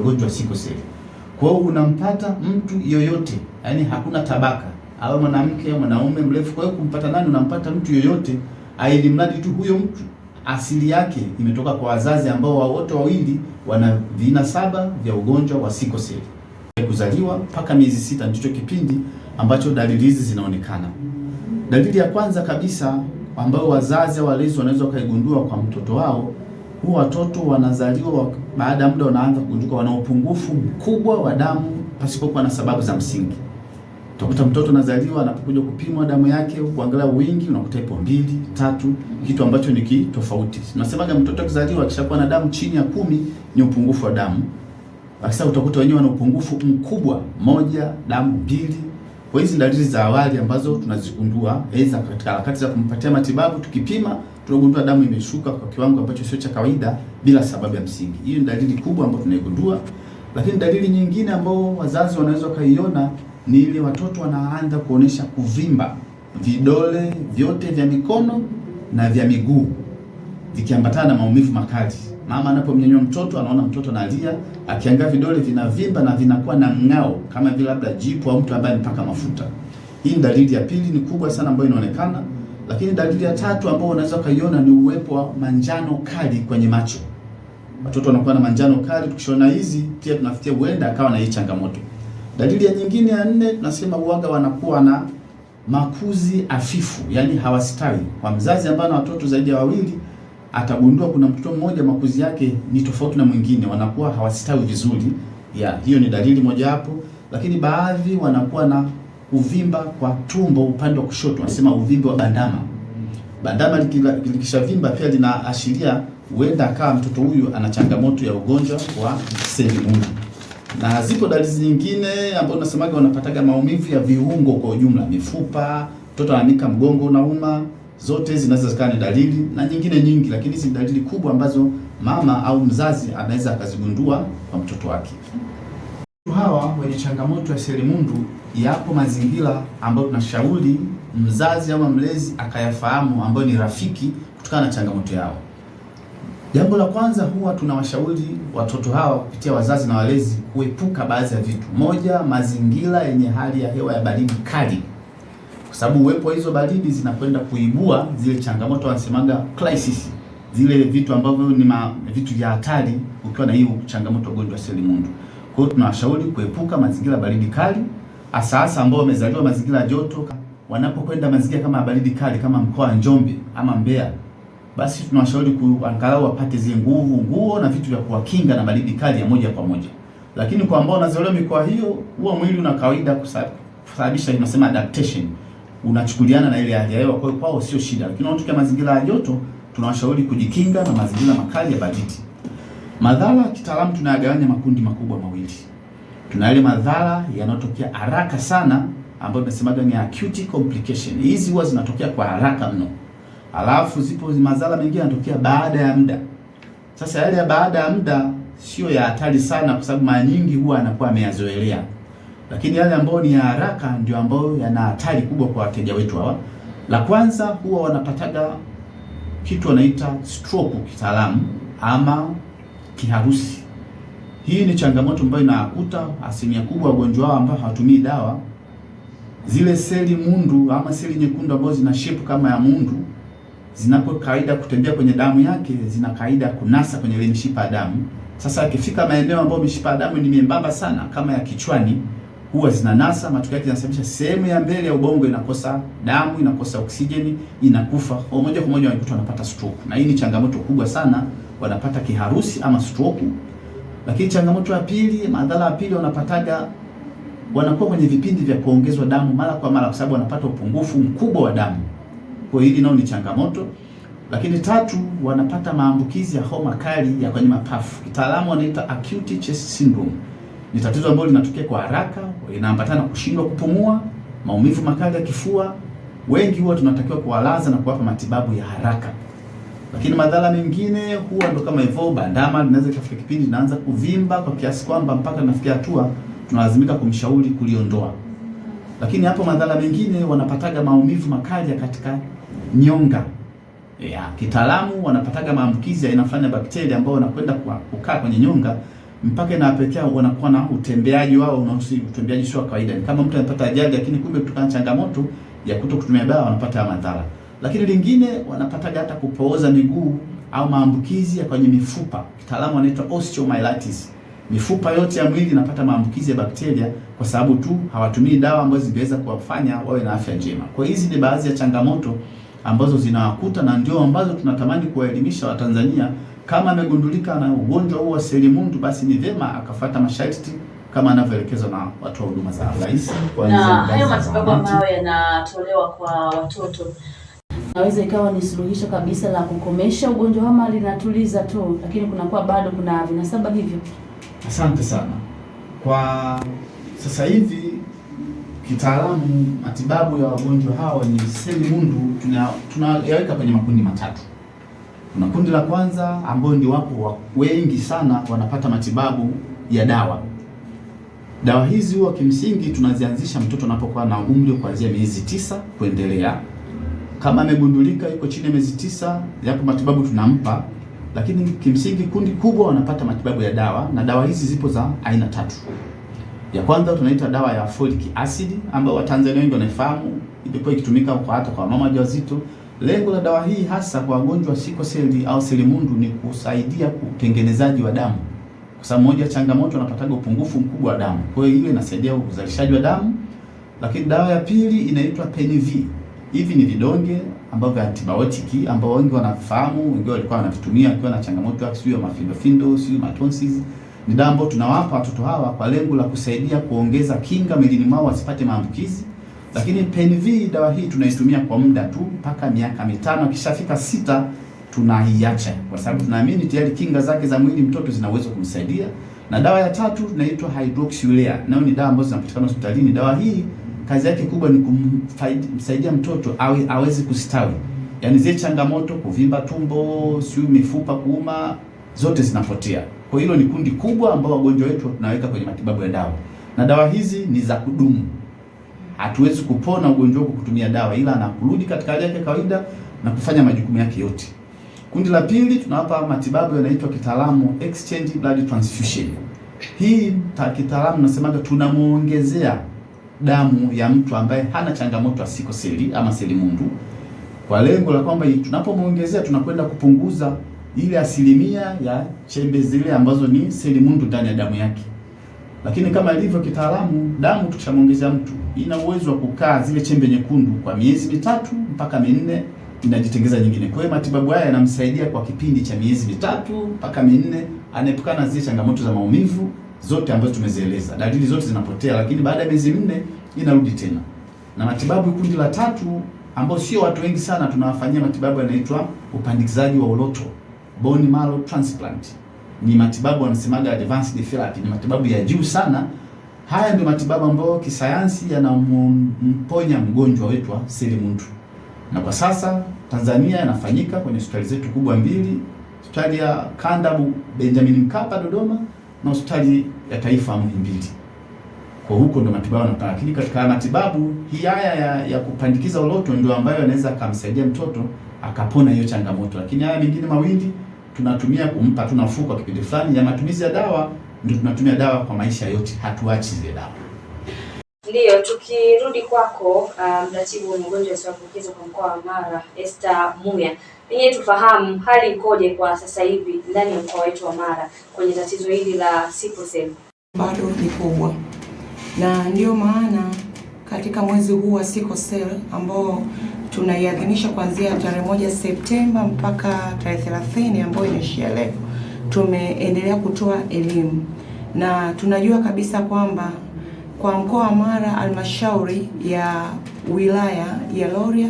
ugonjwa siko seli. Kwa hiyo unampata mtu yoyote, yani hakuna tabaka, awe mwanamke mwanaume, mrefu. Kwa hiyo kumpata nani, unampata mtu yoyote, aili mradi tu huyo mtu asili yake imetoka kwa wazazi ambao wote wawili wana saba vya ugonjwa wa siko seli. Kuzaliwa mpaka miezi sita ndicho kipindi ambacho dalili hizi zinaonekana. Dalili ya kwanza kabisa ambayo wazazi au walezi wanaweza wakaigundua kwa mtoto wao huwa watoto wanazaliwa baada ya muda wanaanza kugunduka wana upungufu mkubwa wa damu pasipokuwa na sababu za msingi. Utakuta mtoto anazaliwa, anapokuja kupimwa damu yake, kuangalia wingi, unakuta ipo mbili tatu, kitu ambacho ni kitofauti. Tunasemaga mtoto akizaliwa akishakuwa na damu chini ya kumi ni upungufu wa damu. Sasa utakuta wenyewe wana upungufu mkubwa, moja damu mbili. Kwa hizi dalili za awali ambazo tunazigundua, aidha katika harakati za kumpatia matibabu tukipima tunagundua damu imeshuka kwa kiwango ambacho sio cha kawaida bila sababu ya msingi. Hiyo ni dalili kubwa ambayo tunaigundua, lakini dalili nyingine ambayo wazazi wanaweza kaiona ni ile watoto wanaanza kuonesha kuvimba vidole vyote vya mikono na vya miguu vikiambatana na maumivu makali. Mama anapomnyanyua mtoto anaona mtoto analia, akiangaa vidole vinavimba na vinakuwa na mng'ao kama vile labda jipu au mtu ambaye amepaka mafuta. Hii dalili ya pili ni kubwa sana ambayo inaonekana lakini dalili ya tatu ambayo unaweza ukaiona ni uwepo wa manjano kali kwenye macho. Watoto wanakuwa na manjano kali, tukishona hizi pia tunafikia huenda akawa na hii changamoto. Dalili ya nyingine ya nne tunasema uwaga wanakuwa na makuzi afifu, yani hawastawi. Kwa mzazi ambaye ana watoto zaidi ya wawili atagundua kuna mtoto mmoja makuzi yake ni tofauti na mwingine, wanakuwa hawastawi vizuri. Ya, hiyo ni dalili mojawapo, lakini baadhi wanakuwa na kuvimba kwa tumbo upande wa kushoto, anasema uvimbe wa bandama. Bandama likishavimba pia linaashiria huenda akawa mtoto huyu ana changamoto ya ugonjwa wa selimundu. Na zipo dalili nyingine ambazo nasemaga wanapataga maumivu ya viungo kwa ujumla, mifupa, mtoto anamika mgongo unauma, zote zinaweza zikawa ni dalili na nyingine nyingi, lakini hizi dalili kubwa ambazo mama au mzazi anaweza akazigundua kwa mtoto wake. Hawa wenye changamoto ya selimundu yapo mazingira ambayo tunashauri mzazi ama mlezi akayafahamu, ambayo ni rafiki kutokana na changamoto yao. Jambo la kwanza, huwa tunawashauri watoto hawa kupitia wazazi na walezi kuepuka baadhi ya vitu. Moja, mazingira yenye hali ya hewa ya baridi kali, kwa sababu uwepo hizo baridi zinakwenda kuibua zile changamoto, wanasemaga crisis, zile vitu ambavyo ni ma, vitu vya hatari ukiwa na hiyo changamoto ugonjwa wa selimundu. Kwa hiyo tunawashauri kuepuka mazingira baridi kali hasa hasa ambao wamezaliwa mazingira ya joto, wanapokwenda mazingira kama baridi kali kama mkoa wa Njombe ama Mbeya, basi tunawashauri angalau wapate zile nguvu, nguo na vitu vya kuwakinga na baridi kali ya moja kwa moja. Lakini kwa ambao wanazaliwa mikoa hiyo, huwa mwili una kawaida kusababisha tunasema adaptation, unachukuliana na ile hali ya hewa, kwa hiyo kwao sio shida. Lakini wanaotokea mazingira ya joto, tunawashauri kujikinga na mazingira makali ya baridi. Madhara kitaalamu tunayagawanya makundi makubwa mawili tuna yale madhara yanayotokea haraka sana ambayo tunasemaga ni acute complication. Hizi huwa zinatokea kwa haraka mno, alafu zipo madhara mengine yanatokea baada ya muda. Sasa yale ya baada ya muda sio ya hatari sana, kwa sababu mara nyingi huwa anakuwa ameyazoelea, lakini yale ambayo ni ya haraka ndio ambayo yana hatari kubwa kwa wateja wetu hawa. La kwanza huwa wanapataga kitu wanaita stroke kitaalamu ama kiharusi hii ni changamoto ambayo inakuta asilimia kubwa wagonjwa hao ambao hawatumii dawa. Zile seli mundu ama seli nyekundu ambazo zina shape kama ya mundu zinapo kaida kutembea kwenye damu yake, zina kaida kunasa kwenye ile mishipa ya damu. Sasa akifika maeneo ambayo mishipa ya damu ni miembamba sana kama ya kichwani, huwa zinanasa. Matokeo yake yanasababisha sehemu ya mbele ya ubongo inakosa damu, inakosa oksijeni, inakufa kwa moja kwa moja wanakuta wanapata stroke, na hii ni changamoto kubwa sana, wanapata kiharusi ama stroke. Lakini changamoto ya pili, madhara ya pili wanapataga, wanakuwa kwenye vipindi vya kuongezwa damu mara kwa mara, kwa sababu wanapata upungufu mkubwa wa damu. Kwa hiyo hili nao ni changamoto. Lakini tatu, wanapata maambukizi ya homa kali ya kwenye mapafu, kitaalamu wanaita acute chest syndrome. Ni tatizo ambalo linatokea kwa haraka, inaambatana na kushindwa kupumua, maumivu makali ya kifua. Wengi huwa tunatakiwa kuwalaza na kuwapa matibabu ya haraka. Lakini madhara mengine huwa ndo kama hivyo, bandama linaweza ikafika kipindi linaanza kuvimba kwa kiasi kwamba mpaka nafikia hatua tunalazimika kumshauri kuliondoa. Lakini hapo madhara mengine wanapataga maumivu makali katika nyonga ya kitaalamu, wanapataga maambukizi aina fulani ya bakteria ambao wanakwenda kukaa kwenye nyonga mpaka inawapelekea wanakuwa na utembeaji wao unaosi utembeaji sio kawaida, kama mtu anapata ajali, lakini kumbe kutokana na changamoto ya kuto kutumia dawa wanapata madhara. Lakini lingine wanapata hata kupooza miguu au maambukizi ya kwenye mifupa, kitaalamu wanaitwa osteomyelitis. Mifupa yote ya mwili inapata maambukizi ya bakteria kwa sababu tu hawatumii dawa ambazo zingeweza kuwafanya wawe na afya njema. Kwa hizi ni baadhi ya changamoto ambazo zinawakuta na ndio ambazo tunatamani kuwaelimisha Watanzania. Kama amegundulika na ugonjwa huu wa selimundu, basi ni vyema akafuata masharti kama anavyoelekezwa na watu wa huduma za afya. Na Hayo matibabu ambayo yanatolewa kwa watoto naweza ikawa ni suluhisho kabisa la kukomesha ugonjwa ama linatuliza tu, lakini kunakuwa bado kuna vinasaba hivyo. Asante sana. Kwa sasa hivi kitaalamu, matibabu ya wagonjwa hawa ni selimundu, tunayaweka tuna kwenye makundi matatu. Kuna kundi la kwanza ambao ndio wapo wengi sana wanapata matibabu ya dawa. Dawa hizi huwa kimsingi tunazianzisha mtoto anapokuwa na umri kuanzia miezi tisa kuendelea. Kama amegundulika yuko chini ya miezi tisa, yapo matibabu tunampa, lakini kimsingi kundi kubwa wanapata matibabu ya dawa, na dawa hizi zipo za aina tatu. Ya kwanza tunaita dawa ya folic acid ambayo Watanzania wengi wanaifahamu, ilikuwa ikitumika kwa hata kwa mama wajawazito. Lengo la dawa hii hasa kwa wagonjwa siko seli au selimundu ni kusaidia utengenezaji wa damu, kwa sababu moja changamoto wanapataga upungufu mkubwa wa damu, kwa hiyo ile inasaidia uzalishaji wa damu. Lakini dawa ya pili inaitwa Peniv Hivi ni vidonge ambavyo antibiotiki ambao wengi wanafahamu, wengi walikuwa wanavitumia akiwa na changamoto yake, sio mafindo findo, sio matonsils. Ni dawa ambayo tunawapa watoto hawa kwa lengo la kusaidia kuongeza kinga mwilini mwao wasipate maambukizi. Lakini PNV dawa hii tunaitumia kwa muda tu mpaka miaka mitano, kishafika sita tunaiacha kwa sababu tunaamini tayari kinga zake za mwili mtoto zinaweza kumsaidia. Na dawa ya tatu tunaitwa hydroxyurea, nayo ni dawa ambazo zinapatikana hospitalini. Dawa hii kazi yake kubwa ni kumsaidia mtoto awe aweze kustawi, yaani zile changamoto, kuvimba tumbo, siyo mifupa kuuma, zote zinapotea. Kwa hilo ni kundi kubwa ambao wagonjwa wetu tunaweka kwenye matibabu ya dawa, na dawa hizi ni za kudumu. Hatuwezi kupona ugonjwa kwa kutumia dawa, ila anakurudi katika hali yake kawaida na kufanya majukumu yake yote. Kundi la pili tunawapa matibabu yanaitwa kitaalamu exchange blood transfusion. Hii ta kitaalamu nasemaga tunamuongezea damu ya mtu ambaye hana changamoto ya siko seli ama seli mundu, kwa lengo la kwamba tunapomwongezea tunakwenda kupunguza ile asilimia ya chembe zile ambazo ni seli mundu ndani ya damu yake. Lakini kama ilivyo kitaalamu, damu tukishamwongezea mtu ina uwezo wa kukaa zile chembe nyekundu kwa miezi mitatu mpaka minne inajitengeza nyingine. Kwa hiyo matibabu haya yanamsaidia kwa kipindi cha miezi mitatu mpaka minne, anaepukana zile changamoto za maumivu zote ambazo tumezieleza, dalili zote zinapotea, lakini baada ya miezi minne inarudi tena. Na matibabu kundi la tatu ambao sio watu wengi sana, tunawafanyia matibabu yanaitwa upandikizaji wa uloto, bone marrow transplant. Ni matibabu wanasemaga advanced therapy, ni matibabu ya juu sana. Haya ndio matibabu ambayo kisayansi yanamponya mgonjwa wetu wa mtu, na kwa sasa Tanzania yanafanyika kwenye hospitali zetu kubwa mbili, hospitali ya Kandabu Benjamin Mkapa Dodoma na hospitali ya taifa Muhimbili. Kwa huko ndo matibabu anapata, lakini katika matibabu hii haya ya, ya kupandikiza uloto ndio ambayo anaweza akamsaidia mtoto akapona hiyo changamoto, lakini haya mengine mawili tunatumia kumpa tu nafuu kwa kipindi fulani. Ya matumizi ya dawa ndio tunatumia dawa kwa maisha yote, hatuachi zile dawa. Ndiyo, tukirudi kwako um, mratibu um, wa magonjwa yasiyoambukizwa kwa mkoa wa Mara Esther Muya, pengine tufahamu hali ikoje kwa sasa hivi ndani ya mkoa wetu wa Mara kwenye tatizo hili la sickle cell? Bado ni kubwa, na ndiyo maana katika mwezi huu wa sickle cell ambao tunaiadhimisha kuanzia tarehe moja Septemba mpaka tarehe 30 ambayo inaishia leo, tumeendelea kutoa elimu na tunajua kabisa kwamba kwa mkoa wa Mara, halmashauri ya wilaya ya Rorya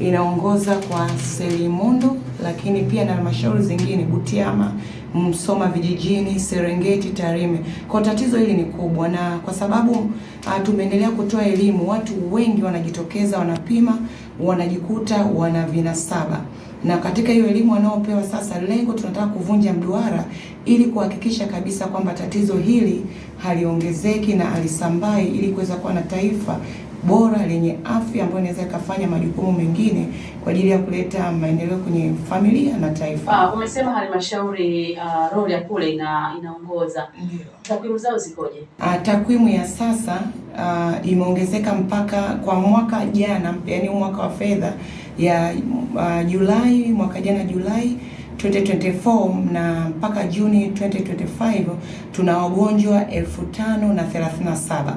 inaongoza kwa Selimundu, lakini pia na halmashauri zingine Butiama, Msoma vijijini, Serengeti, Tarime. Kwa tatizo hili ni kubwa, na kwa sababu ah, tumeendelea kutoa elimu, watu wengi wanajitokeza, wanapima, wanajikuta wana vinasaba na katika hiyo elimu wanaopewa sasa, lengo tunataka kuvunja mduara ili kuhakikisha kabisa kwamba tatizo hili haliongezeki na halisambai, ili kuweza kuwa na taifa bora lenye afya ambayo inaweza ikafanya majukumu mengine kwa ajili ya kuleta maendeleo kwenye familia na taifa. Ah, umesema halmashauri uh, roli ya kule ina, inaongoza. Ndio. Takwimu zao zikoje? Ah, takwimu ya sasa uh, imeongezeka mpaka kwa mwaka jana, yaani mwaka wa fedha ya uh, Julai mwaka jana Julai 2024 na mpaka Juni 2025 tuna wagonjwa elfu tano na thelathini na saba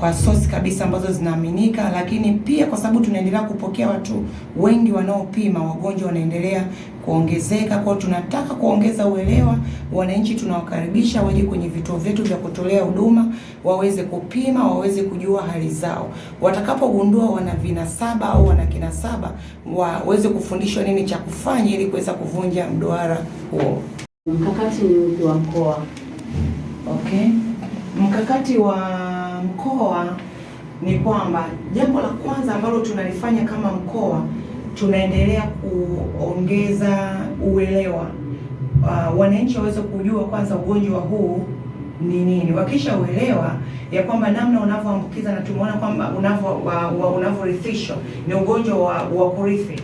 kwa source kabisa ambazo zinaaminika, lakini pia kwa sababu tunaendelea kupokea watu wengi wanaopima, wagonjwa wanaendelea kuongezeka kwao. Tunataka kuongeza uelewa, wananchi tunawakaribisha waje kwenye vituo vyetu vya kutolea huduma, waweze kupima, waweze kujua hali zao. Watakapogundua wana vinasaba au wana kinasaba, waweze kufundishwa nini cha kufanya ili kuweza kuvunja mduara huo. Mkakati ni upi wa mkoa? Okay, mkakati wa mkoa ni kwamba jambo la kwanza ambalo tunalifanya kama mkoa, tunaendelea kuongeza uelewa uh, wananchi waweze kujua kwanza ugonjwa huu ni nini. Wakisha uelewa ya kwamba namna unavyoambukiza na tumeona kwamba unavyorithishwa ni ugonjwa wa, wa kurithi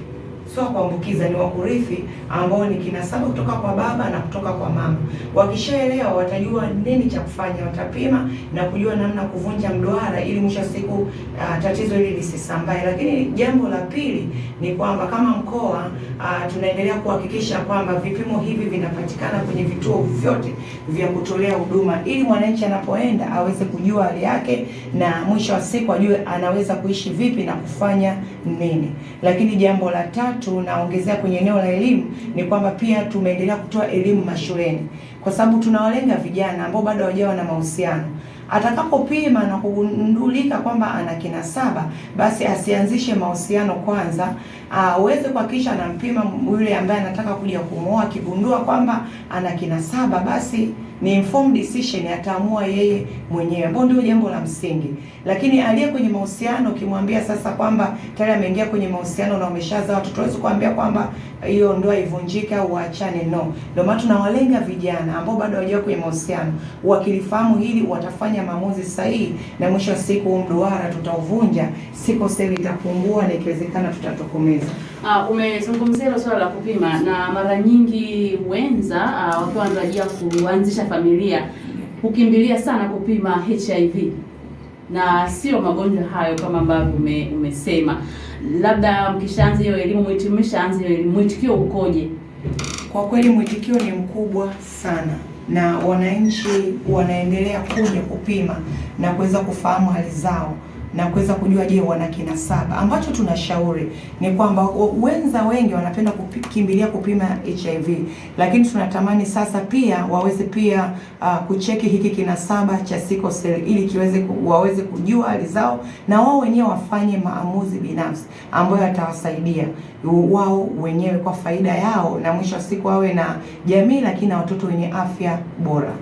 sio kuambukiza, ni wakurithi ambao ni kinasaba kutoka kwa baba na kutoka kwa mama. Wakishaelewa watajua nini cha kufanya, watapima na kujua namna kuvunja mduara ili mwisho siku uh, tatizo hili lisisambae. Lakini jambo la pili ni kwamba kama mkoa uh, tunaendelea kuhakikisha kwamba vipimo hivi vinapatikana kwenye vituo vyote vya kutolea huduma ili mwananchi anapoenda aweze kujua hali yake na mwisho wa siku ajue anaweza kuishi vipi na kufanya nini. Lakini jambo la tatu tunaongezea kwenye eneo la elimu ni kwamba pia tumeendelea kutoa elimu mashuleni, kwa sababu tunawalenga vijana ambao bado hawajawa na mahusiano. Atakapopima na kugundulika kwamba ana kinasaba, basi asianzishe mahusiano kwanza, aweze kuhakikisha anampima yule ambaye anataka kuja kumwoa. Akigundua kwamba ana kinasaba, basi ni informed decision ataamua yeye mwenyewe, ambao ndio jambo la msingi. Lakini aliye kwenye mahusiano ukimwambia sasa kwamba tayari ameingia kwenye mahusiano na umeshazaa watoto, huwezi kuambia kwamba hiyo ndoa ivunjike au uachane, no. Ndio maana tunawalenga vijana ambao bado hawajawa kwenye mahusiano. Wakilifahamu hili, watafanya maamuzi sahihi, na mwisho wa siku huu mduara tutauvunja, sikoseli itapungua, na ikiwezekana tutatokomeza. Uh, umezungumzia hilo swala la kupima na mara nyingi wenza uh, wakiwa wanatarajia kuanzisha familia hukimbilia sana kupima HIV na sio magonjwa hayo kama ambavyo ume, umesema. Labda mkishaanza hiyo elimu, mmeshaanza hiyo elimu, mwitikio ukoje? Kwa kweli mwitikio ni mkubwa sana na wananchi wanaendelea kuja kupima na kuweza kufahamu hali zao na kuweza kujua je, wana kinasaba. Ambacho tunashauri ni kwamba wenza wengi wanapenda kukimbilia kupima HIV, lakini tunatamani sasa pia waweze pia uh, kucheki hiki kinasaba cha sickle cell ili kiweze waweze kujua hali zao na wao wenyewe wafanye maamuzi binafsi ambayo yatawasaidia wao wenyewe kwa faida yao, na mwisho wa siku wawe na jamii, lakini na watoto wenye afya bora.